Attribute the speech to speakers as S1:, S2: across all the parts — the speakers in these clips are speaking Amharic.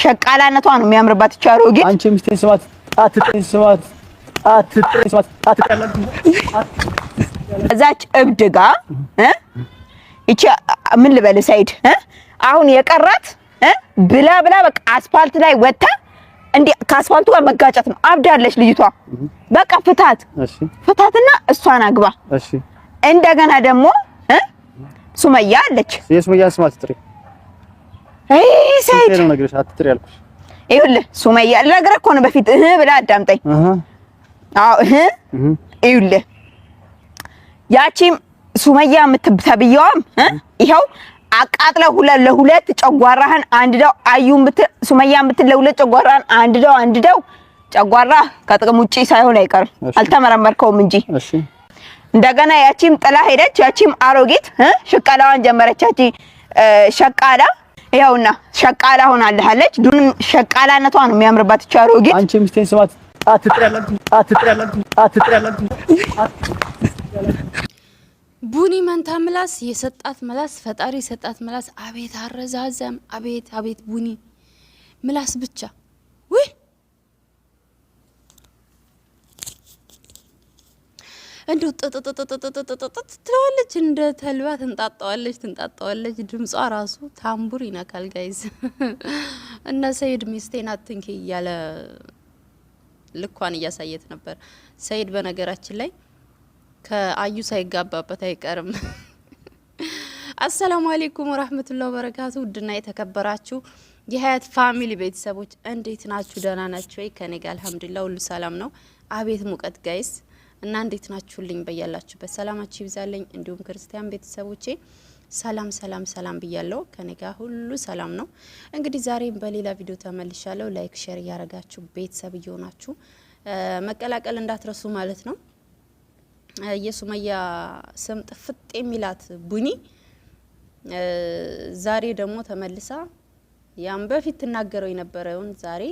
S1: ሸቃላነቷ ነው የሚያምርባት። ይቻ አሮጌ
S2: አንቺ ሚስቴን ስማት፣ አትጠይን ስማት፣ አትጠይን ስማት፣ አትጠይን
S1: እዛች እብድ ጋ ይቺ ምን ልበል ሰይድ፣ አሁን የቀራት ብላ ብላ በቃ አስፋልት ላይ ወጣ እንዴ ከአስፋልቱ ጋር መጋጨት ነው። አብዳለች ልጅቷ። በቃ ፍታት ፍታትና እሷን አግባ። እንደገና ደግሞ ሱመያ አለች።
S2: የሱመያ ስማት ጥሪ ይኸውልህ
S1: ሱመያ ልነግርህ እኮ ነው በፊት እህ ብለህ አዳምጠኝ። አዎ እህ ይኸውልህ ያቺም ሱመያ የምትተብየዋም ይኸው አቃጥለው ለሁለት ጨጓራህን አንድደው አዩ ምትል ሱመያ ምትል ለሁለት ጨጓራህን አንድደው አንድደው ጨጓራ ከጥቅም ውጪ ሳይሆን አይቀርም። አልተመረመርከውም እንጂ እንደገና ያቺም ጥላ ሄደች። ያቺም አሮጊት ሽቀላዋን ጀመረች። ሸቃላ ያውና ሸቃላ ሆናለች። ዱን ሸቃላነቷ ነው የሚያምርባት። ቻሮ
S2: ግን አንቺ ሚስቴን ስማት።
S1: ቡኒ መንታ ምላስ የሰጣት ምላስ ፈጣሪ የሰጣት ምላስ አቤት አረዛዘም፣ አቤት አቤት ቡኒ ምላስ ብቻ እንደ ትለዋለች፣ እንደ ተልባ ትንጣጣዋለች ትንጣጣዋለች። ድምጿ ራሱ ታምቡር ይነካል ጋይዝ። እና ሰይድ ሚስቴን አትንኪ እያለ ልኳን እያሳየት ነበር። ሰይድ በነገራችን ላይ ከአዩ ሳይጋባበት አይቀርም። አሰላሙ አሌይኩም ወራህመቱላሂ ወበረካቱ። ውድና የተከበራችሁ የሀያት ፋሚሊ ቤተሰቦች እንዴት ናችሁ? ደህና ናችሁ ወይ? ከኔ ጋር አልሐምዱሊላህ ሁሉ ሰላም ነው። አቤት ሙቀት ጋይስ እና እንዴት ናችሁልኝ? በያላችሁበት ሰላማችሁ ይብዛልኝ። እንዲሁም ክርስቲያን ቤተሰቦቼ ሰላም ሰላም ሰላም ብያለው። ከኔ ጋር ሁሉ ሰላም ነው። እንግዲህ ዛሬም በሌላ ቪዲዮ ተመልሻለሁ። ላይክ ሼር እያረጋችሁ ቤተሰብ እየሆናችሁ መቀላቀል እንዳትረሱ ማለት ነው። የሱመያ ስም ጥፍጥ የሚላት ቡኒ ዛሬ ደግሞ ተመልሳ ያም በፊት ትናገረው የነበረውን ዛሬ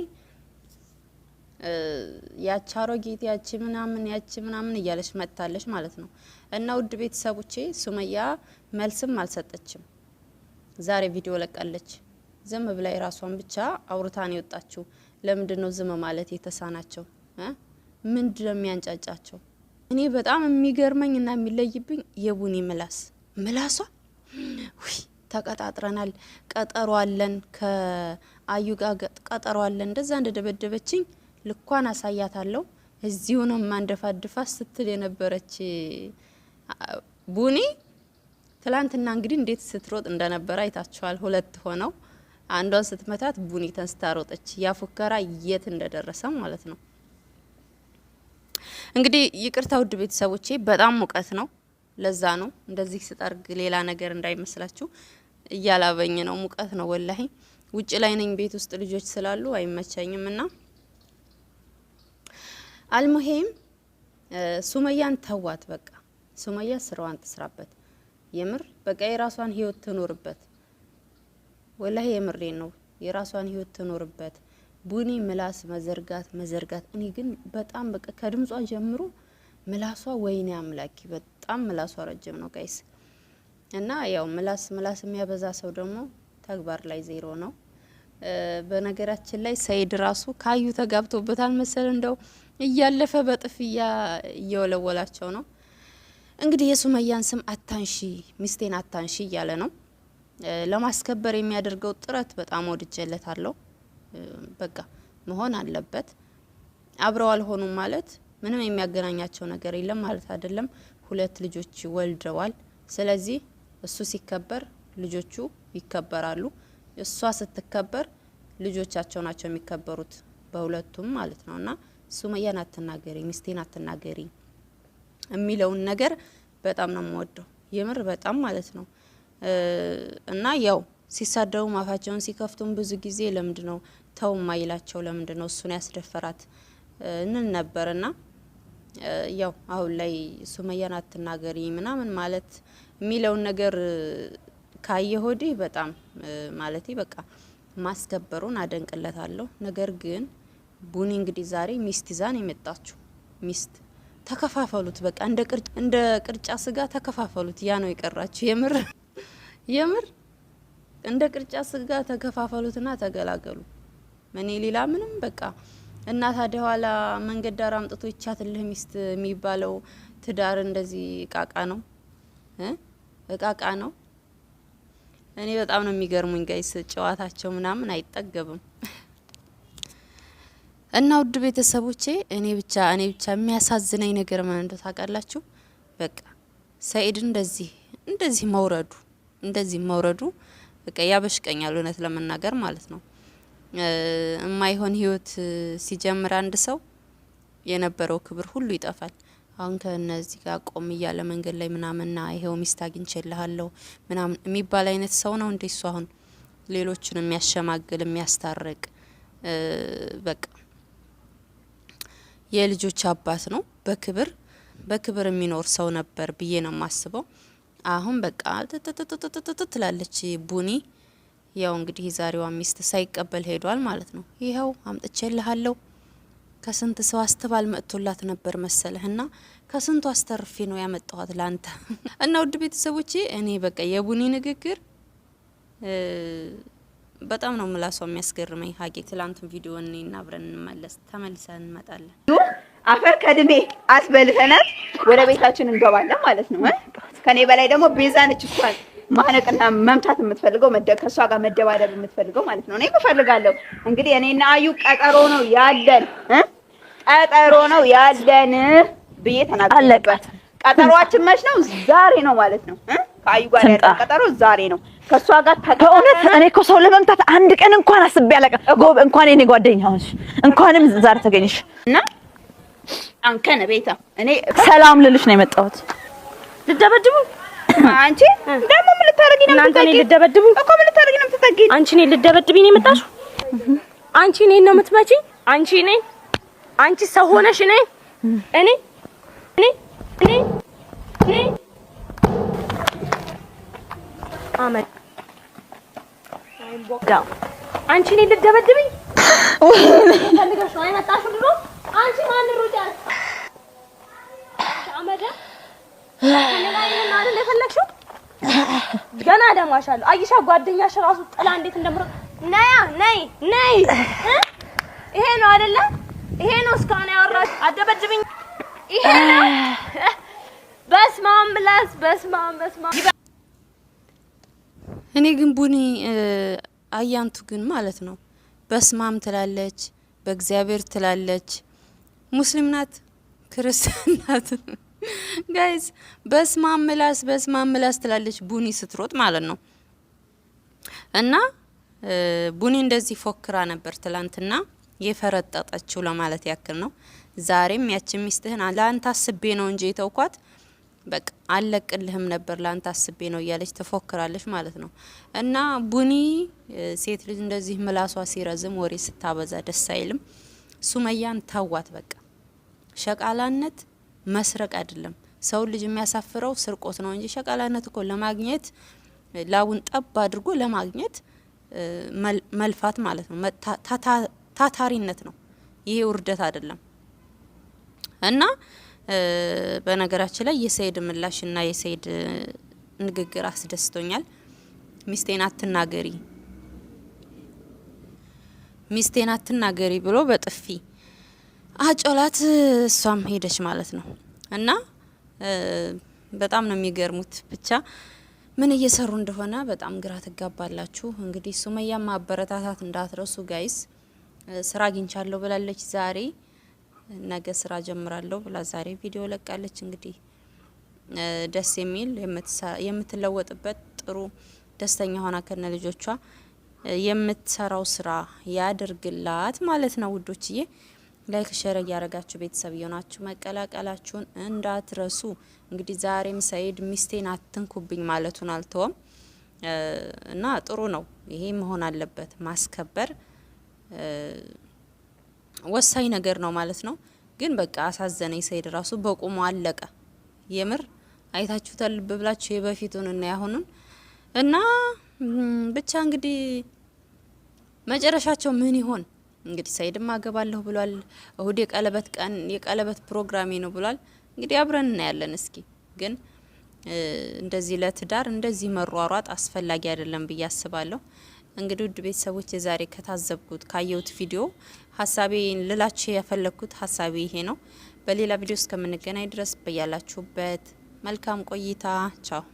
S1: ያቺ አሮጊት ያቺ ምናምን ያቺ ምናምን እያለች መጥታለች ማለት ነው። እና ውድ ቤተሰቦቼ ሱመያ መልስም አልሰጠችም። ዛሬ ቪዲዮ ለቃለች። ዝም ብላ የራሷን ብቻ አውርታን የወጣችው ለምንድን ነው ዝም ማለት የተሳናቸው? ምንድን ነው የሚያንጫጫቸው? እኔ በጣም የሚገርመኝ እና የሚለይብኝ የቡኒ ምላስ ምላሷ ተቀጣጥረናል፣ ቀጠሮ አለን ከአዩ ጋር ቀጠሮ አለን። እንደዛ እንደደበደበችኝ ልኳን አሳያታለሁ። እዚሁ ነው ማንደፋድፋ ስትል የነበረች ቡኒ ትላንትና እንግዲህ እንዴት ስትሮጥ እንደነበረ አይታችኋል። ሁለት ሆነው አንዷን ስትመታት ቡኒ ተንስታ ሮጠች። ያ ፉከራ የት እንደደረሰ ማለት ነው። እንግዲህ ይቅርታ ውድ ቤተሰቦቼ፣ በጣም ሙቀት ነው። ለዛ ነው እንደዚህ ስጠርግ ሌላ ነገር እንዳይመስላችሁ፣ እያላበኝ ነው። ሙቀት ነው ወላሂ። ውጭ ላይ ነኝ፣ ቤት ውስጥ ልጆች ስላሉ አይመቸኝም እና አልሙሄም ሱመያን ተዋት። በቃ ሱመያ ስራዋን ትስራበት። የምር በቃ የራሷን ህይወት ትኖርበት። ወላሂ የምሬ ነው። የራሷን ህይወት ትኖርበት። ቡኒ ምላስ መዘርጋት መዘርጋት። እኔ ግን በጣም በቃ ከድምጿ ጀምሮ ምላሷ ወይኔ አምላኪ፣ በጣም ምላሷ ረጅም ነው ጋይስ። እና ያው ምላስ ምላስ የሚያበዛ ሰው ደግሞ ተግባር ላይ ዜሮ ነው። በነገራችን ላይ ሰይድ ራሱ ካዩ ተጋብቶበታል መሰል እንደው እያለፈ በጥፍያ እየወለወላቸው ነው። እንግዲህ የሱመያን ስም አታንሺ፣ ሚስቴን አታንሺ እያለ ነው ለማስከበር የሚያደርገው ጥረት በጣም ወድጀለት አለው። በቃ መሆን አለበት። አብረው አልሆኑም ማለት ምንም የሚያገናኛቸው ነገር የለም ማለት አይደለም። ሁለት ልጆች ወልደዋል። ስለዚህ እሱ ሲከበር ልጆቹ ይከበራሉ፣ እሷ ስትከበር ልጆቻቸው ናቸው የሚከበሩት በሁለቱም ማለት ነው እና ሱመያን አትናገሪ፣ ሚስቴን አትናገሪ የሚለውን ነገር በጣም ነው የምወደው። የምር በጣም ማለት ነው። እና ያው ሲሳደቡ አፋቸውን ሲከፍቱም ብዙ ጊዜ ለምንድ ነው ተው ማይላቸው? ለምንድ ነው እሱን ያስደፈራት እንን ነበር። እና ያው አሁን ላይ ሱመያን አትናገሪ ምናምን ማለት የሚለውን ነገር ካየ ሆዲህ በጣም ማለት በቃ ማስከበሩን አደንቅለታለሁ። ነገር ግን ቡኒ እንግዲህ ዛሬ ሚስት ይዛ ነው ሚስት ተከፋፈሉት፣ በቃ እንደ ቅርጫ ስጋ ተከፋፈሉት። ያ ነው የቀራችሁ። የምር የምር እንደ ቅርጫ ስጋ ተከፋፈሉትና ተገላገሉ። እኔ ሌላ ምንም በቃ እና ታዲያ ኋላ መንገድ ዳር አምጥቶ ይቻትልህ ሚስት የሚባለው ትዳር እንደዚህ እቃቃ ነው እቃቃ ነው። እኔ በጣም ነው የሚገርሙኝ ጋይስ ጨዋታቸው ምናምን አይጠገብም። እና ውድ ቤተሰቦቼ እኔ ብቻ እኔ ብቻ የሚያሳዝነኝ ነገር ማን እንደ ታውቃላችሁ? በቃ ሰኢድ እንደዚህ እንደዚህ መውረዱ እንደዚህ መውረዱ በቃ ያበሽቀኛል፣ እውነት ለመናገር ማለት ነው። የማይሆን ህይወት ሲጀምር አንድ ሰው የነበረው ክብር ሁሉ ይጠፋል። አሁን ከነዚህ ጋር ቆም እያለ መንገድ ላይ ምናምንና ይሄው ሚስት አግኝቼልሃለሁ ምናምን የሚባል አይነት ሰው ነው እንዴ እሱ? አሁን ሌሎችን የሚያሸማግል የሚያስታርቅ በቃ የልጆች አባት ነው። በክብር በክብር የሚኖር ሰው ነበር ብዬ ነው የማስበው። አሁን በቃ ትትትትትት ትላለች ቡኒ። ያው እንግዲህ ዛሬዋ ሚስት ሳይቀበል ሄዷል ማለት ነው። ይኸው አምጥቼልሃለሁ ከስንት ሰው አስተባል መጥቶላት ነበር መሰለህ እና ከስንቱ አስተርፌ ነው ያመጣኋት ለአንተ እና ውድ ቤተሰቦቼ እኔ በቃ የቡኒ ንግግር በጣም ነው ምላሷ የሚያስገርመኝ። ሀቂ ትላንቱን ቪዲዮ እኔና አብረን እንመለስ ተመልሰን እንመጣለን። አፈር ከድሜ አስበልተናል። ወደ ቤታችን እንገባለን ማለት ነው። ከኔ በላይ ደግሞ ቤዛ ነች። እሷን ማነቅና መምታት የምትፈልገው ከእሷ ጋር መደባደብ የምትፈልገው ማለት ነው። እኔ እፈልጋለሁ እንግዲህ እኔና አዩ ቀጠሮ ነው ያለን፣ ቀጠሮ ነው ያለን ብዬ ተናግሬ ቀጠሯችን መች ነው? ዛሬ ነው ማለት ነው። ከአዩ ጋር ያለን ቀጠሮ ዛሬ ነው። ከእሷ ጋር በእውነት እኔ እኮ ሰው ለመምታት አንድ ቀን እንኳን አስቤ አላውቅም። ጎብ እንኳን እኔ ጓደኛ ሆንሽ እንኳንም ዛሬ ተገኘሽ እና አንከነ ቤታ እኔ ሰላም ልልሽ ነው የመጣሁት። ልደበድቡ አንቺ ደግሞ ምን ልታረጊ ነው የምትጠጊ? ልደበድቡ እኮ ምን ልታረጊ ነው የምትጠጊ? አንቺ እኔን ልደበድብኝ ነው የመጣሽው? አንቺ እኔን ነው የምትመጪ? አንቺ እኔን አንቺ ሰው ሆነሽ እኔ እኔ እኔ እኔ እኔ አመድ አንቺ እኔን ልትደበድብኝ ፈልገሽ ነው አንቺ ማን አመዳ የፈለግሽው ገና ደማሻለሁ። አይሻ ጓደኛሽ ራሱ ጥላ እንዴት ነይ ነይ። ይሄ ነው አይደለ? ይሄ ነው እስካሁን ያወራሽ። አደበድብኝ። ይሄ ነው በስመ አብ ብላስ በስመ አብ በስመ አብ እኔ ግን ቡኒ አያንቱ ግን ማለት ነው በስማም ትላለች፣ በእግዚአብሔር ትላለች፣ ሙስሊም ናት፣ ክርስቲያን ናት። ጋይዝ በስማም ምላስ በስማም ምላስ ትላለች ቡኒ ስትሮጥ ማለት ነው። እና ቡኒ እንደዚህ ፎክራ ነበር ትላንትና የፈረጠጠችው ለማለት ያክል ነው። ዛሬም ያችን ሚስትህን ለአንተ አስቤ ነው እንጂ የተውኳት በቃ አለቅልህም ነበር ለአንተ አስቤ ነው እያለች ትፎክራለች ማለት ነው። እና ቡኒ ሴት ልጅ እንደዚህ ምላሷ ሲረዝም ወሬ ስታበዛ ደስ አይልም። ሱመያን ተዋት በቃ። ሸቃላነት መስረቅ አይደለም፣ ሰው ልጅ የሚያሳፍረው ስርቆት ነው እንጂ ሸቃላነት እኮ ለማግኘት ላቡን ጠብ አድርጎ ለማግኘት መልፋት ማለት ነው። ታታሪነት ነው ይሄ፣ ውርደት አይደለም እና በነገራችን ላይ የሰይድ ምላሽ እና የሰይድ ንግግር አስደስቶኛል። ሚስቴን አትናገሪ ሚስቴን አትናገሪ ብሎ በጥፊ አጮላት። እሷም ሄደች ማለት ነው። እና በጣም ነው የሚገርሙት። ብቻ ምን እየሰሩ እንደሆነ በጣም ግራ ትጋባላችሁ። እንግዲህ ሱመያ ማበረታታት እንዳትረሱ ጋይስ። ስራ አግኝቻለሁ ብላለች ዛሬ ነገ ስራ ጀምራለሁ ብላ ዛሬ ቪዲዮ ለቃለች። እንግዲህ ደስ የሚል የምትለወጥበት ጥሩ ደስተኛ ሆና ከነ ልጆቿ የምትሰራው ስራ ያድርግላት ማለት ነው ውዶችዬ። ላይክ ሸር እያደረጋችሁ ቤተሰብ የሆናችሁ መቀላቀላችሁን እንዳትረሱ። እንግዲህ ዛሬም ሰይድ ሚስቴን አትንኩብኝ ማለቱን አልተወም እና ጥሩ ነው። ይሄ መሆን አለበት ማስከበር ወሳኝ ነገር ነው ማለት ነው። ግን በቃ አሳዘነኝ። ሰይድ ራሱ በቁሙ አለቀ። የምር አይታችሁታል። ልብ ብላችሁ የበፊቱን እና ያሁኑን እና ብቻ እንግዲህ መጨረሻቸው ምን ይሆን እንግዲህ። ሰይድም አገባለሁ ብሏል። እሁድ የቀለበት ቀን የቀለበት ፕሮግራሜ ነው ብሏል። እንግዲህ አብረን እናያለን። እስኪ ግን እንደዚህ ለትዳር እንደዚህ መሯሯጥ አስፈላጊ አይደለም ብዬ አስባለሁ። እንግዲህ ውድ ቤተሰቦች የዛሬ ከታዘብኩት ካየሁት ቪዲዮ ሀሳቤን ልላችሁ ያፈለግኩት ሀሳቤ ይሄ ነው። በሌላ ቪዲዮ እስከምንገናኝ ድረስ በያላችሁበት መልካም ቆይታ ቻው።